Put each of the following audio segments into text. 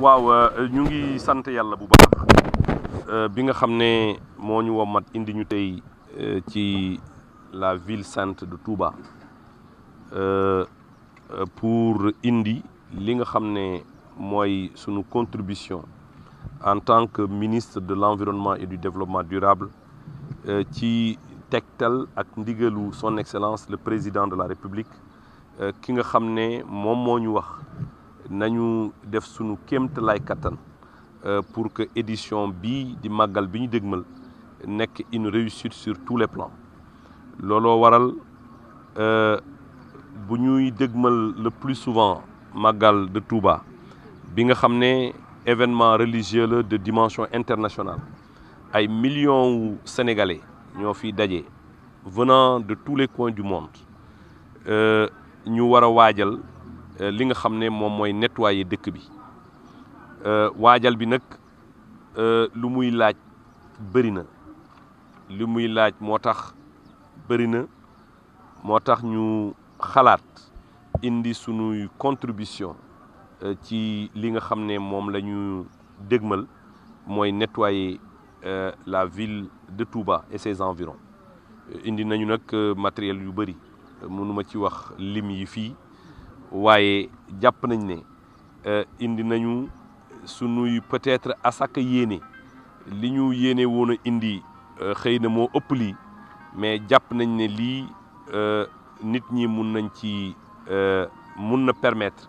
waaw euh, ñu ngi sant yàlla bu baax euh, bi nga xam ne moo ñu womat indi ñu tey euh, ci la ville sainte de Touba pour indi li nga xam ne mooy sunu contribution en tant que ministre de l'environnement et du développement durable ci tegtal ak ndigalu son excellence le président de la république ki nga xam ne moom moo ñu wax nañu def sunu kéemtalaay kattan euh, pour que édition bii di màggal bi ñu dégmal nekk une réussite sur tous les plans looloo waral euh, bu ñuy dégmal le plus souvent màggal de Touba bi nga xam ne événement religieux la de dimension internationale ay millions wu sénégalais ñoo fi daje venant de tous les coins du monde euh, ñu war a waajal Euh, li nga xam ne moom mooy nettoyer dëkk bi euh, waajal bi nag euh, lu muy laaj bëri na lu muy laaj moo tax bëri na moo tax ñu xalaat indi sunuy contribution ci li nga xam ne moom la ñu dégmal mooy nettoyer la ville de Touba et ses environs indi nañu nag matériel yu bëri mënuma ci wax lim yi fii waaye jàpp nañ ne euh, indi nañu sunuy peut-être asaka yéene li ñu yéene woon a indi euh, xëy na moo ëpp lii mais jàpp nañ ne lii euh, nit ñi mun nañ ci mun na permettre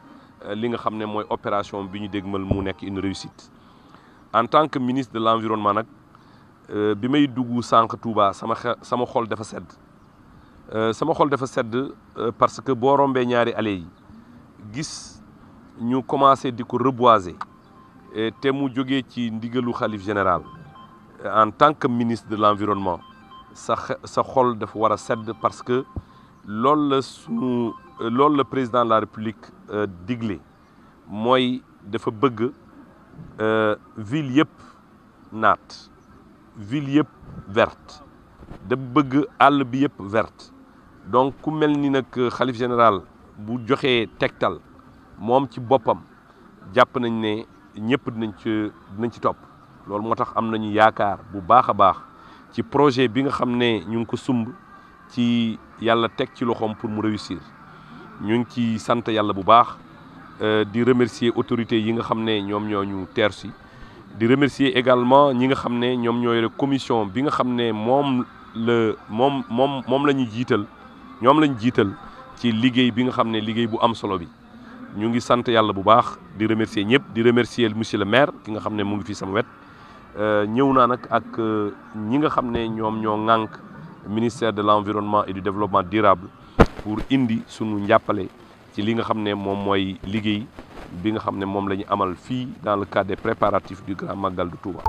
li nga xam ne mooy opération bi ñu dégmal mu nekk une réussite en tant que ministre de l'environnement nag bi may dugg sànq Touba sama sama xol dafa sedd sama xol dafa sedd parce que boo rombee ñaari allées yi gis ñu commencé di ko reboiser te mu jógee ci ndigalu xalif général en tant que ministre de l'environnement sa sa xol dafa war a sedd parce que loolu la sunu loolu la président de la république euh, digle mooy dafa bëgg euh, ville yëpp naat ville yëpp vert da bëgg àll bi yëpp verte donc ku mel ni nag xalif général bu joxee tegtal moom ci boppam jàpp nañ ne ñëpp dinañ ci dinañ ci topp loolu moo tax am nañu yaakaar bu baax a baax ci projet bi nga xam ne ñu ngi ko sumb ci yàlla teg ci loxoom pour mu réussir ñu ngi ci sant yàlla bu baax euh, di remercier autorités yi nga xam ne ñoom ñoo ñu teer di remercier également ñi nga xam ne ñoom ñoo yore commission bi nga xam ne moom la moom moom moom la ñu jiital ñoom la jiital ci liggéey bi nga xam ne liggéey bu am solo bi ñu ngi sant yàlla bu baax di remercier ñëpp di remercier monsieur le maire ki nga xam ne mu ngi fi sama wet euh, ñëw naa nag ak euh, ñi nga xam ne ñoom ñoo ŋànk ministère de l'environnement et du développement durable pour indi sunu njàppale ci li nga xam ne moom mooy liggéey bi nga xam ne moom la ñu amal fii dans le cadre des préparatifs du Grand Magal de Touba